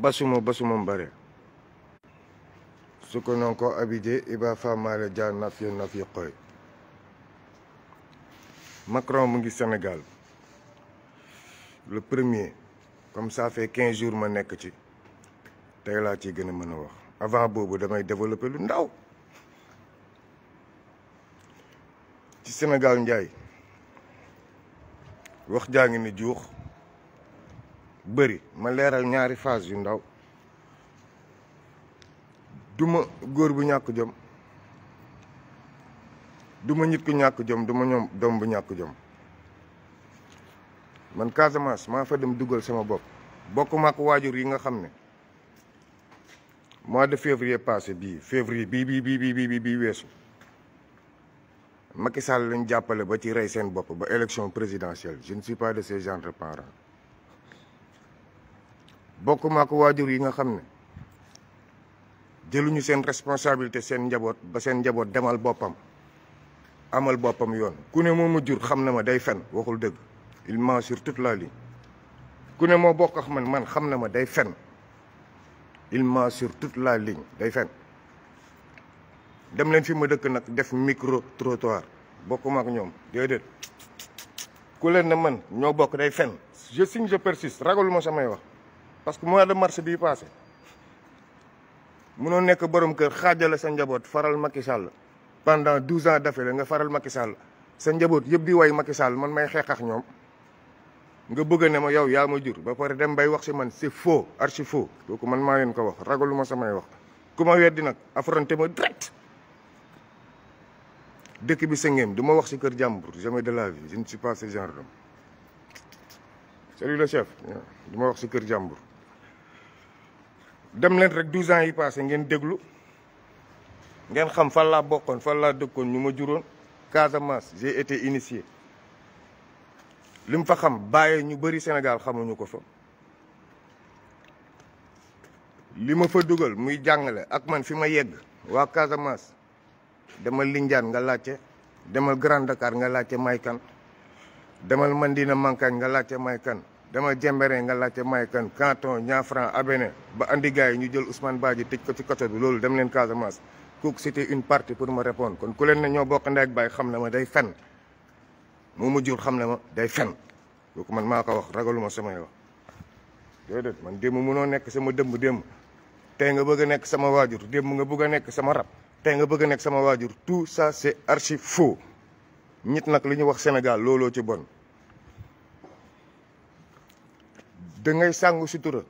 basumo basumo mbare soko non ko abide iba famale dia nafiyo nafiyo koy Macron mu ngi Sénégal le premier comme ça fait 15 jours ma nek ci tay la ci gëna mëna wax avant bobu damay développer lu ndaw ci Sénégal njaay wax jangini ngi bari ma leeral ñaari phase yu ndaw duma góor bu ñàkk jom duma nit ku ñàkk jom duma ñoom doom bu ñàkk jom man Casamance maa fa dem dugal sama bopp bokk maak waajur yi nga xam ne mois de février passé bii février bii bii bii bii bii bii weesu Macky Sall lañ jàppale ba ci rey seen bopp ba élection présidentielle je ne suis pas de ces genres de bokuma ko wajur yi nga xamne ne jëluñu seen responsabilité sen njabot ba sen njabot demal bopam amal bopam yoon ku ne mo ma jur xam ma day fen waxul deug il ment sur toute la ligne ku ne mo bok ak man man xamna ma day fen il ment sur toute la ligne day fen dem len fi ma dëkk nak def micro trottoir bokuma ak ñom dedet ku len na man ño bok day fen je signe je persiste ragaluma samay wax parce que mois de mars bi passé mënon nek borom kër sa njabot faral Macky Sall pendant 12 ans d'affaire nga faral Macky Sall sa njabot yeb di way Macky Sall man may xeex ak nga bëgg ne ma yow ya ma jur ba paré dem bay wax si man c'est faux archi faux kooku man ma leen ko wax ragaluma ma samay wax kuma wéddi nak ma direct dëkk bi sëngeem du wax ci kër jambour jamais de la vie je ne suis pas ce genre d'homme salut le chef du wax dem len rek 12 ans yi passé ngeen déglu ngeen xam fa la bokone fa la dekkone ñuma juroon juróon Casamance j'ai été initié lim fa xam baye ñu bari Sénégal xamuñu ko fa. li fa duggal muy jàngale ak man fi ma yegg wa Casamance demal Lindiane nga laccé demal Grand Dakar nga laccé maykan demal Mandina Mankagne nga laccé maykan dama jembere nga laajte may kan canton nyafra abene ba andi gaay ñu jël Ousmane Badji tëj ko ci côté bi lolou dem len Casamance cook c'était une partie pour me répondre kon ku len ne ñoo bokk bay xamna ma day fenn mo ma jur xamna ma day fenn kooku man mako wax ragaluma sama yow dedet man démb mënoo nek sama dëmb démb tey nga bëgg nek sama wajur démb nga bëgg nek sama rap tey nga bëgg nek sama wajur tout ça c'est archi faux nit nak li wax Sénégal ci bonne da ngay sàngu sutura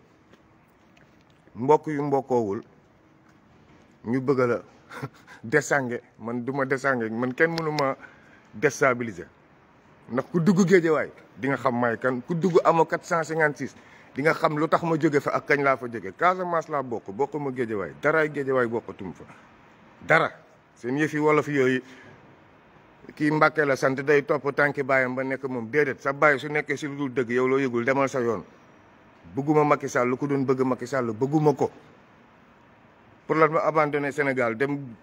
mbokk yu mbokkoowul ñu bëgg la desange man duma ma desange man kenn mënu ma déstabiliser ndax ku dugg géejewaay di nga xam may kan ku dugg amoo 456 di nga xam lu tax ma jóge fa ak kañ laa jóge Casamance laa bokk bokk ma géejewaay daraay géejewaay bokkatum fa dara seen yëf yi yooyu kii Mbàkke la sant day topp tànki baayam ba nekk moom déedéet sa baay su nekkee si lu dul dëgg yow loo yëgul demal sa yoon bëgguma Macky Sall ku doon bëgg Macky Sall bëgguma ko pour la ma Sénégal dem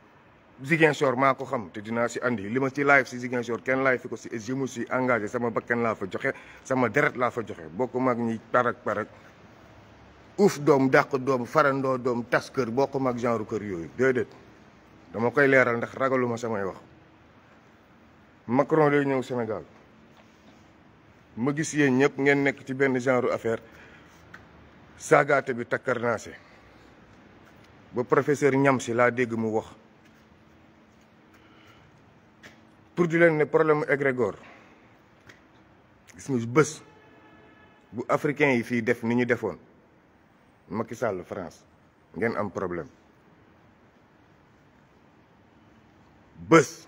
Ziguin maa ko xam te dina ci andi lima ci live Ziguin Ziguinchor ken live ko si je me suis engagé sama bakkan la fa joxe sama deret la fa joxe bokk mag ñi parak parak ouf dom dàq dom farando dom tasker kër bokk genre keur yoy dedet dama koy leeral ndax ragaluma sama wax Macron lay ñew Sénégal ma gis yeen ñep ngeen nek ci ben genre affaire sagate bi takkarnaase ba professeur ñam ci la dégg mu wax pour di len né problème égrégore gis nga bëss bu africain yi fi def ni ñu defoon Macky Sall France ngeen am problème bëss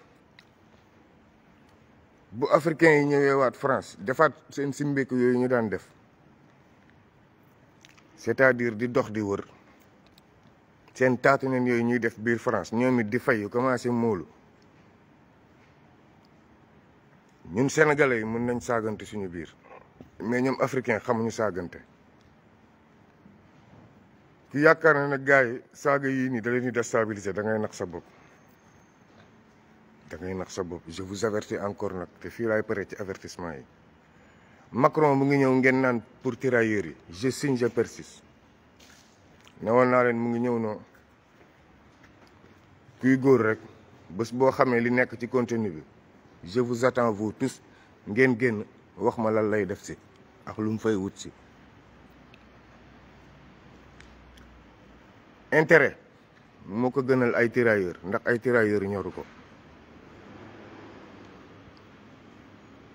bu africain yi ñëwé waat France defaat seen simbeeku yoy ñu daan def c'est-à-dire di dox di wër sen taatu neen yoy ñuy def biir France ñoomi it di fayu commencé moolu ñun sénégalais mën nañ saganté suñu biir mais ñom africain xamuñu saganté ki yakkar na gaay saga yi ni da leen di déstabiliser da ngay nax sa bop da ngay nax sa bop je vous avertis encore nak te fi lay paré ci avertissement yi Macron mu ngi ñëw ngeen naan pour tirailleurs yi je signe je persis ne woon naa leen mu ngi ñëw noo kuy góor rek bés boo xamee li nekk ci contenu bi je vous attends vous tous ngeen génn wax ma lan lay def si ak lu mu fay wut si intérêt moo ko gënal ay tirailleurs ndax ay tirailleurs ñoru ko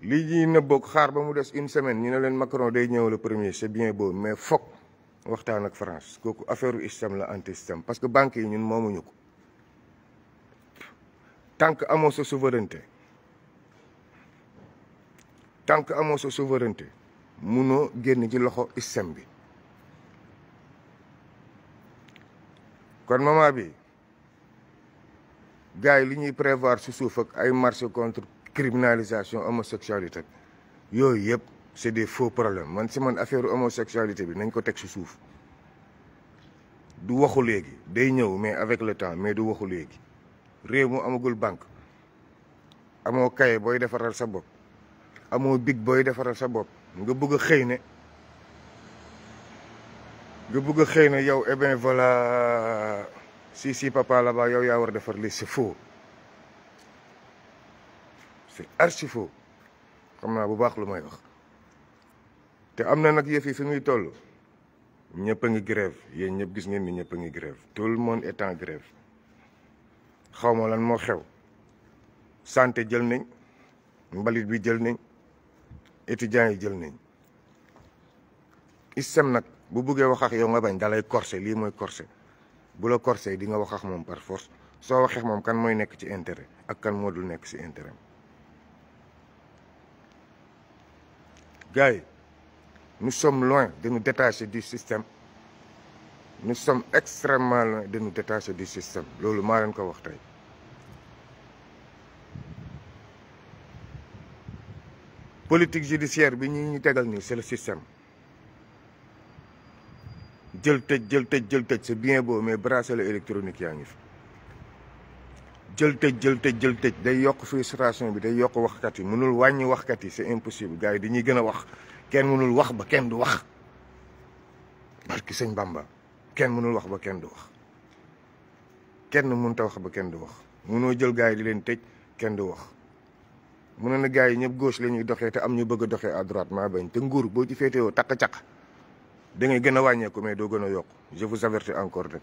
lii ñuy nëbboog xaar ba mu des une semaine ñu ne leen Macron day ñëw le premier c'est bien beau mais foog waxtaan ak France kooku affaire système la anti système parce que banques yi ñun moomuñu ko tant que amoo sa souveraineté tant que amoo sa souveraineté munoo génn ci loxo système bi kon moment bi gars yi li ñuy prévoir si suuf ak ay marché contre criminalisation homosexualité bi yooyu c'est des faux problèmes man si man affaire homosexualité bi nagn ko tek ci souf du waxu léegi day ñew mais avec le temps mais du waxu léegi réew mu amagul banque amo kay boy défaral sa bop amo big boy défaral sa bop nga bëgg a nga bëgg a yow eh ben, voilà si si papa là-bas yow ya war défar li c'est faux c'est archi xam naa bu baax lu may wax te am na nag yëf yi fi muy toll ñëpp a ngi grève yéen ñëpp gis ngeen ni ñëpp a ngi grève tout le moon est en grève xaw ma lan moo xew santé jël nañ mbalit bi jël nañ étudiants yi jël nañ ISEM nag bu buggee wax ak yow nga bañ dalay corsé lii mooy corsé bu la corsé di nga wax ak moom par force soo waxee moom kan mooy nekk ci intérêt ak kan moo dul nekk ci intérêt Gars, nous sommes loin de nous détacher du système. Nous sommes extrêmement loin de nous détacher du système. ce que je veux wax La politique judiciaire c'est le système c'est bien beau mais bracelet électronique ngi jël tëj jël tëj jël tëj day yokk frustration bi day yokk waxkat yi mënul wàññi waxkat yi c'est impossible gars yi dañuy gën a wax kenn mënul wax ba kenn du wax barki sëñ Bamba kenn mënul wax ba kenn du wax kenn mënta wax ba kenn du wax mënoo jël gars yi di leen tëj kenn du wax mënoon na gars yi ñëpp gauche la ñuy doxee te am ñu bëgg a doxee à maa bañ te nguur boo ci féetewoo takk-caq da gën a wàññeeku mais doo gën a yokk je vous encore rek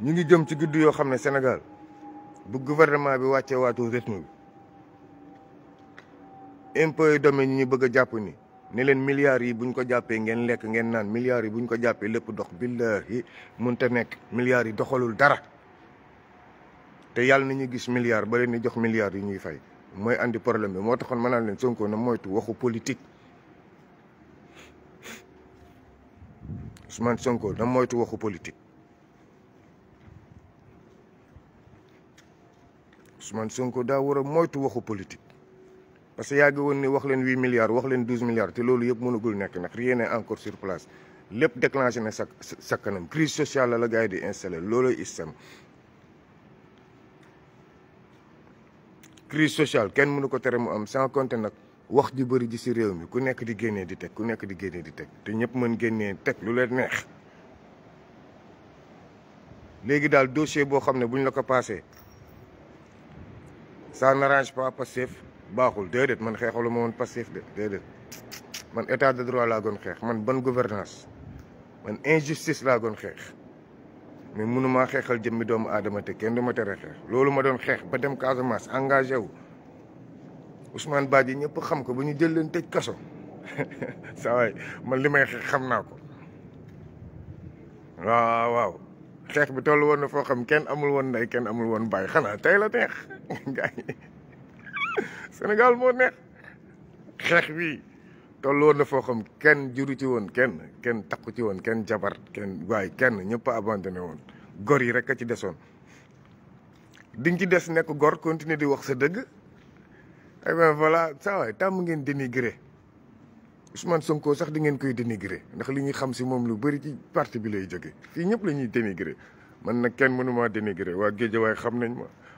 ñu ngi jëm ci guddi yoo xam ne Sénégal bu gouvernement bi wàccee waatu rythme bi impôt yi domaine yi ñu bëgg a jàpp ni ni leen milliards yi buñ ko jàppee ngeen lekk ngeen naan milliards yi buñ ko jàppee lépp dox billahi yi mun te nekk milliards yi doxalul dara te yàll na ñu gis milliards bare leen jox milliards yi ñuy fay mooy andi problème bi moo taxoon ma naan leen Sonko na moytu waxu politique Ousmane Sonko moytu waxu politique Ousmane Sonko daa war a moytu waxu politique parce que yàgg woon ni wax leen huit milliards wax leen douze milliards te loolu yëpp mënagul nekk ndax rien n'est encore sur place lépp déclenché na sa sa kanam crise sociale la la gars di di loolu loolooy istam crise sociale kenn mënu ko tere mu am sans compter nag wax ji bëri ji si réew mi ku nekk di génnee di teg ku nekk di génnee di teg te ñëpp mën génnee teg lu leen neex léegi daal dossier boo xam ne buñ la ko passé ça n'arrange pas Pastef baaxul déedéet man xeexalu ma woon Pastef de déedéet man état de droit laa doon xeex man bonne gouvernance man injustice laa doon xeex mais mënumaa xeexal jëmmi doomu aadama te kenn du ma tere xeex loolu ma doon xeex ba dem Casamance engagé wu Ousmane Badji ñëpp xam ko ba ñu jël leen tëj kaso saa man li may xeex xam naa ko waaw waaw xeex bi tollu woon na foo xam kenn amul woon nday kenn amul woon bàyyi xanaa tey la neex gaa yi Sénégal moo neex xeex bi tolloon na foo xam kenn juru ci woon kenn kenn takku ci woon kenn jabar kenn waay kenn ñëpp a abandonné woon gor yi rek a ci desoon di ci des nekk gor continuer di wax sa dëgg et eh bien voilà saa tàmm ngeen dénigré Ousmane Sonko sax di ngeen koy dénigré ndax li ñuy xam si moom lu bëri ci parti bi lay jóge fii ñëpp la ñuy dénigré man na kenn mënumaa dénigré waa waaye xam nañ ma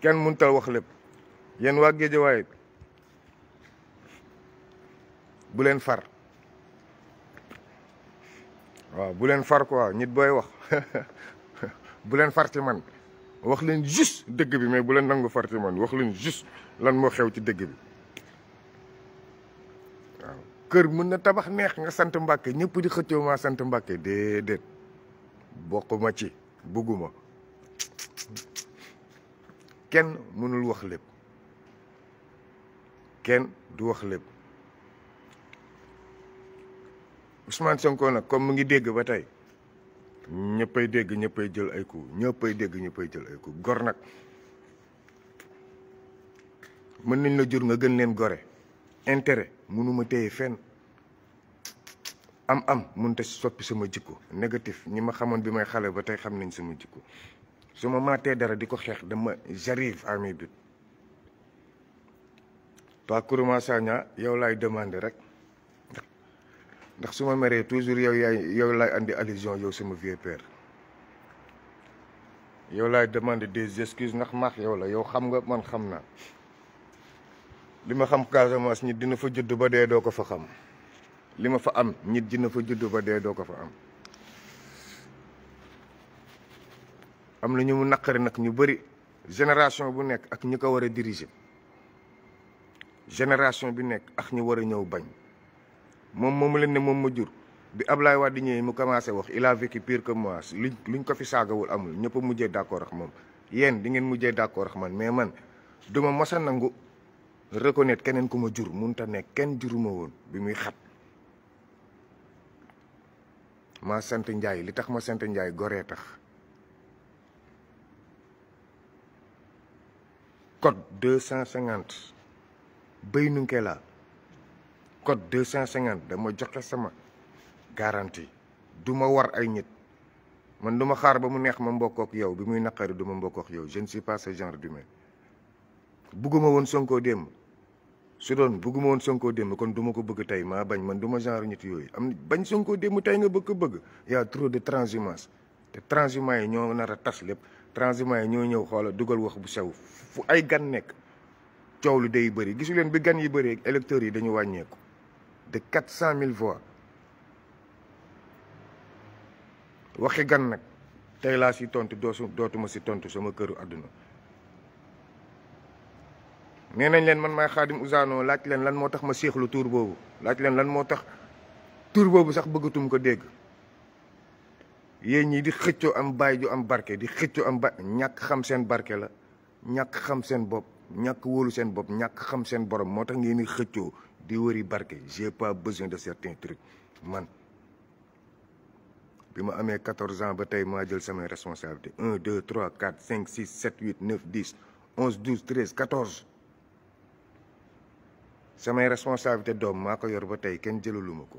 ken muntal wax yen wagge waa way bu len far wa bu len far quoi nit boy wax bu len far ci man wax len juste deug bi mais bu len nangou far ci man wax len juste lan mo xew ci deug bi keur meuna tabax neex nga sante mbacke ñepp di xëccoo maa sant de de bokuma ci buguma Ken mënul wax lepp ken du wax lepp Ousmane Sonko nak comme mu ngi dégg ba tay ñeppay dégg ñeppay jël ay coup ñeppay dégg ñeppay jël ay coup gor nak mën nañ la jur nga gën leen gore intérêt mënuma téye fenn am am mën ta soppi sama jikko négatif ñima xamone bi may xalé ba tay xam sama jikko su ma maatee dara di ko xeex dama j'arrive à mes buts toi Kourouma Sagna yow laay demandé rek ndax su ma meree toujours yow yaay yow laay andi allusion yow sama vieux père yow laay demandé des excuses ndax maax yow la yow xam nga man xam naa li ma xam Casamance ñi dina fa judd ba dee doo ko fa xam li ma fa am ñit dina fa judd ba dee doo ko fa am am lañu mu nakari nak ñu bari génération bu nekk ak ñuko wara diriger génération bi nekk ak ñu wara ñew bañ mom mom leen ne mom ma jur bi Ablaye Wade ñëwee mu commencé wax il a vécu pire que moi luñ ko fi sagawul amul ñepp a mujjee ak mom yeen di ngeen mujjee d' ak man mais man duma mossa nangu reconnaître kenen jur munta nekk ken juruma won bi muy xat ma sante ndjay li tax ma sante ndjay goré tax code 250 bay nunke la code 250 dama joxe sama garantie duma war ay nit man duma xaar ba mu neex ma mbokk ak yow bi muy nakari duma mbokk ak yow je ne suis pas ce genre d'humain buguma won sonko dem su don buguma won sonko dem kon duma ko bëgg tay ma bañ man duma genre nit yoy am bañ sonko dem tay nga bëgg bëgg ya trop de transhumance te transhumance ñoo na nara tass lepp transhumant yi ñoo ñëw xoola dugal wax bu sew fu ay gan nekk coow lu de bëri gisu leen bi gan yi bëree électeurs yi dañu wàññeeku de quatre cent mille voix waxi gan nag tey laa si tontu dootuma si tontu sama këru àdduna nee nañ leen man maay xaadim Ouzano laaj leen lan moo tax ma séexlu tuur boobu laaj leen lan moo tax tur boobu sax bëggatum ko dégg yéen ñi di xëccoo am baay ju am barke di xëccoo am ba ñàkk xam seen barke la ñàkk xam seen bopp ñàkk wóolu seen bopp ñàkk xam seen borom moo tax ngeen di xëccoo di wëri barke j'ai pas besoin de certains trucs man bi ma amee quatorze ans ba tey maa jël samay responsabilité un deux trois quatre cinq six sept huit neuf dix onze douze treize quatorze samay responsabilité doom maa ko yor ba tey kenn jëlaluma ko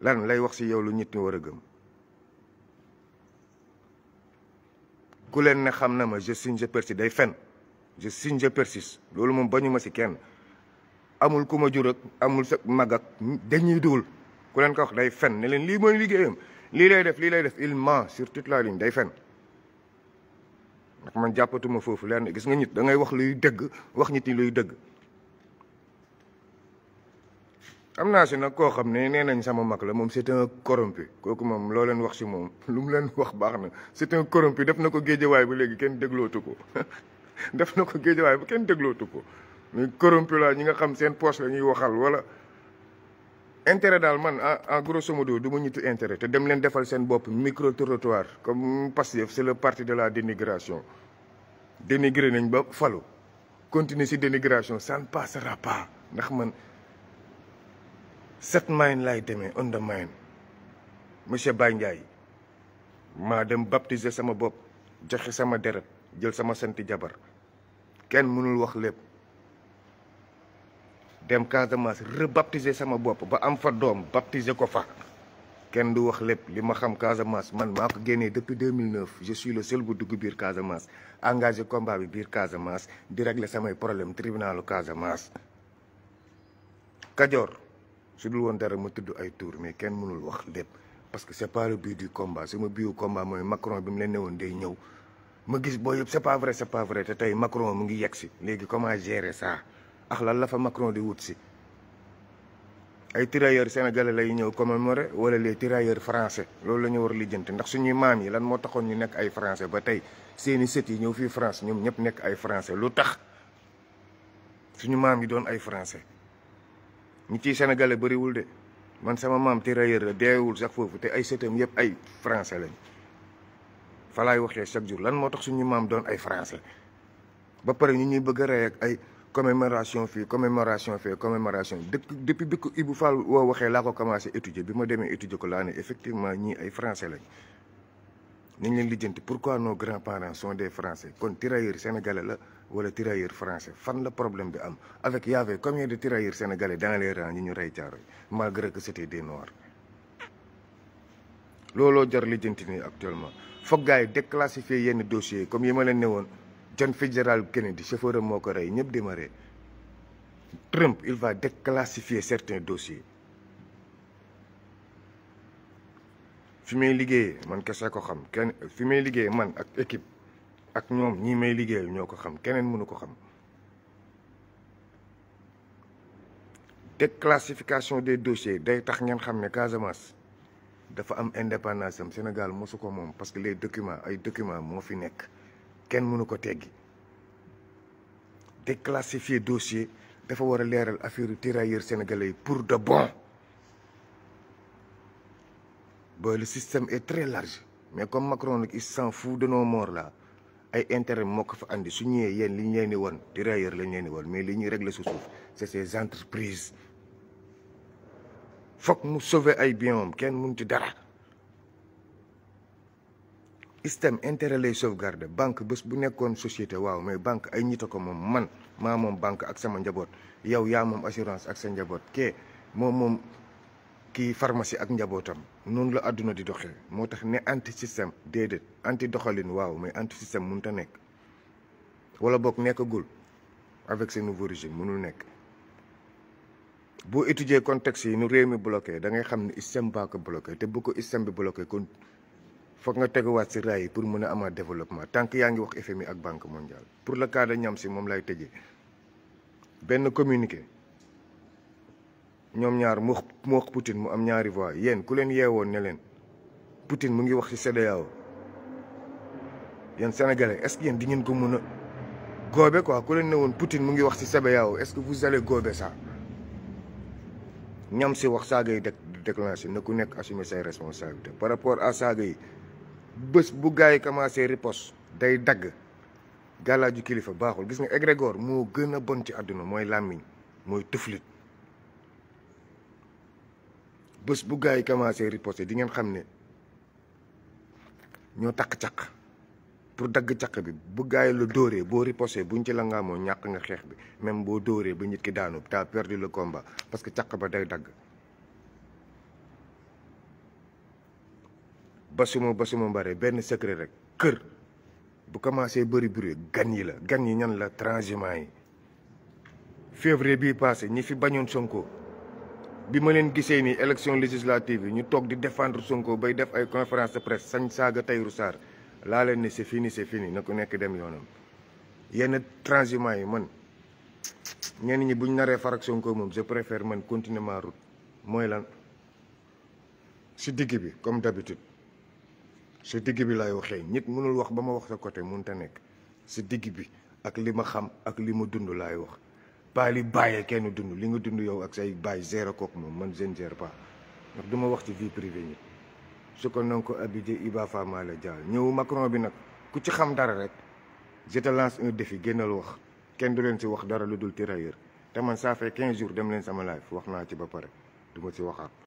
lan lay wax ci yow lu nit ñi war a gëm ku leen ne xam na ma je signe je persiste day fen je signe je persiste loolu moom bañu ma ci kenn amul ku ma jur ak amul sa mag ak dañuy duul ku leen ko wax day fen ne leen lii mooy liggéeyam lii lay def lii lay def il ment sur toute la day fen ndax man jàppatuma foofu lenn gis nga ñit da ngay wax luy dëgg wax nit ñi luy dëgg am naa si nag koo xam ne nee nañ sama mag la moom c'est un kooku moom loo leen wax si moom lu mu leen wax baax na c'est un corrompu def na ko géejawaay ba léegi kenn déglootu ko def na ko géejawaay bu kenn déglootu ko muy corrompu la ñi nga xam seen poche la ñuy waxal wala intérêt daal man en ah, ah, grosso doo du ma ñitu intérêt te dem leen defal seen bopp micro trottoir comme Pastef c'est le parti de la dénigration dénigré nañ ba falu continuer si dénigration ça ne passera pas ndax man set main lay demee on the mine monsieur Baye dem baptiser sama bop joxe sama deret jël sama santi jabar Ken mënul wax lepp dem Casamance rebaptiser sama bop ba am fa dom baptiser ko fa ken du wax lepp lima xam Casamance man mako ko depuis 2009 je suis le seul bu dugg biir Casamance engagé combat bi bir Casamance di régler sama problème tribunalu Casamance kadior su dul woon dara ma tudd ay tour mais kenn mënul wax lépp parce que c'est pas le but du combat c'est sama biu combat mooy Macron bi mu leen newoon day ñëw ma gis boo yëpp c'est pas vrai c'est pas vrai te tey Macron mu ngi yegg si léegi comment gérer ça ak lan la fa Macron di wut si ay tirailleurs sénégalais lay ñëw commémorer wala les tirailleurs français loolu lañu war lijjanti ndax suñuy mam yi lan mo taxoon ñu nekk ay français ba tay seeni set yi ñëw fi France ñom ñep nekk ay français lu tax suñu mam yi doon ay français ñi ciy sénégalais bariwul de man sama maam tirailleur la deewul sax foofu te ay sëtam yëpp ay français lañ fa laay waxee chaque jour lan moo tax suñu maam doon ay français ba pare ñu ñuy bëgg a rey ak ay commémoration fii commémoration fee commémoration dëkk depuis bi ko Ibou Fall woo waxee laa ko commencé étudier bi ma demee étudier ko laa ne effectivement ñii ay français lañ nañ leen lijjanti pourquoi nos grands-parents sont des français kon tirailleur sénégalais la Ou les tirailleurs français fan le problème de am avec y avait combien de tirailleurs sénégalais dans les rangs ñu malgré que c'était des noirs Lolo jar lijjanti actuellement Faut que déclassifier les dossiers comme je ma l'ai John Fitzgerald Kennedy chauffeur am moo il a pas démarré Trump il va déclassifier certains dossiers fi may man que ko xam Fumez fi may man équipe ak ñoom ñii may liggéeyu ñoo ko xam keneen mënu ko xam te déclassification des dossiers day tax ngeen xam ne Casamance dafa am indépendance Sénégal mosu ko moom parce que les documents ay document moo fi nekk kenn mënu ko teggi déclassifier dossier dafa war a leeral affaire tirailleurs sénégalais yi pour de bon ba le système est très large mais comme Macron nag il s'en fout de no morts la ay intérêt moo ko fa andi su ñëwee yéen li ñu woon di won lañ leen di won mais li ñuy régler su suuf c'est ces entreprises foog mu sauver ay bien moom kenn mënu ci dara système intérêt lay sauvegarde banque bés bu nekkoon société waaw mais banque ay ñita ko moom man maa moom banque ak sama njaboot yow yaa moom assurance ak sa njaboot kee moom moom kii pharmacie ak njabootam noonu la àdduna di doxee moo tax ne anti système déedéet anti doxalin waaw mais anti système mënut a nekk wala boog nekkagul avec ce nouveau mënul nekk. boo étudier contexte yi nu réew mi bloqué da ngay xam ne système baa ko te bu ko système bi bloqué kon foog nga teguwaat si raay yi pour mën a amaat développement tant yaa ngi wax FMI ak banque mondiale. pour le cas ñam Niamsi moom lay tëjee benn communiqué. ñoom ñaar mu wax Poutine mu am ñaari voix yéen ku leen yeewoon ne leen Poutine mu ngi wax ci CEDEAO yéen sénégalais est-ce que yéen di ngeen ko mën a góobe quoi ku leen ne woon Poutine mu ngi wax ci CEDEAO est-ce que vous allez góobe ça ñam ci wax saaga yi déclenché na ku nekk assumer say responsabilités par rapport à saaga yi bës bu gars yi commencé riposte day dagg gàllaaju kilifa baaxul gis nga égrégore moo gën a bon ci àdduna mooy làmmiñ mooy tuflit Bus bu gaay commencé riposté di ngeen xamné ño tak takk pour dag caq bi bu gaay lu doré bo boo buñ ci la mo ñak nga xex bi même bo doré ba nit ki daanu ta perdu le combat parce que caq ba day dag basuma basuma mbare ben secret rek kër bu commencé beuri beuri gan yi la gan yi ñan la transhumant février bi passé ñi fi bañoon Sonko Bimolin len leen ni élection législative yi ñu tok di défendre Sonko bay def ay conférence de presse sañ saga tay Sarr la len ni c'est fini c'est fini na ku nekk dem yonam yenn transhumant yi man ñen ñi buñ naré far ak Sonko mom je préfère man continuer ma route moy lan ci digg bi comme d'habitude ci digg bi laay waxee nit mënul wax bama wax sa côté ta nek ci digg bi ak lima xam ak lima dund wax bàyyi li bàyyee kenn dund li nga dund yow ak say bàyyi gérer kooku moom man je ne gère pas ndax du ma wax ci vie privée nit su ko nanga ko abidé Iba Fama la jaal ñëw Macron bi nag ku ci xam dara rek je te lance un défi génnal wax kenn du leen ci wax dara lu dul tirailleur te man ça fait quinze jours dem leen sama live wax naa ci ba pare du ma si waxaat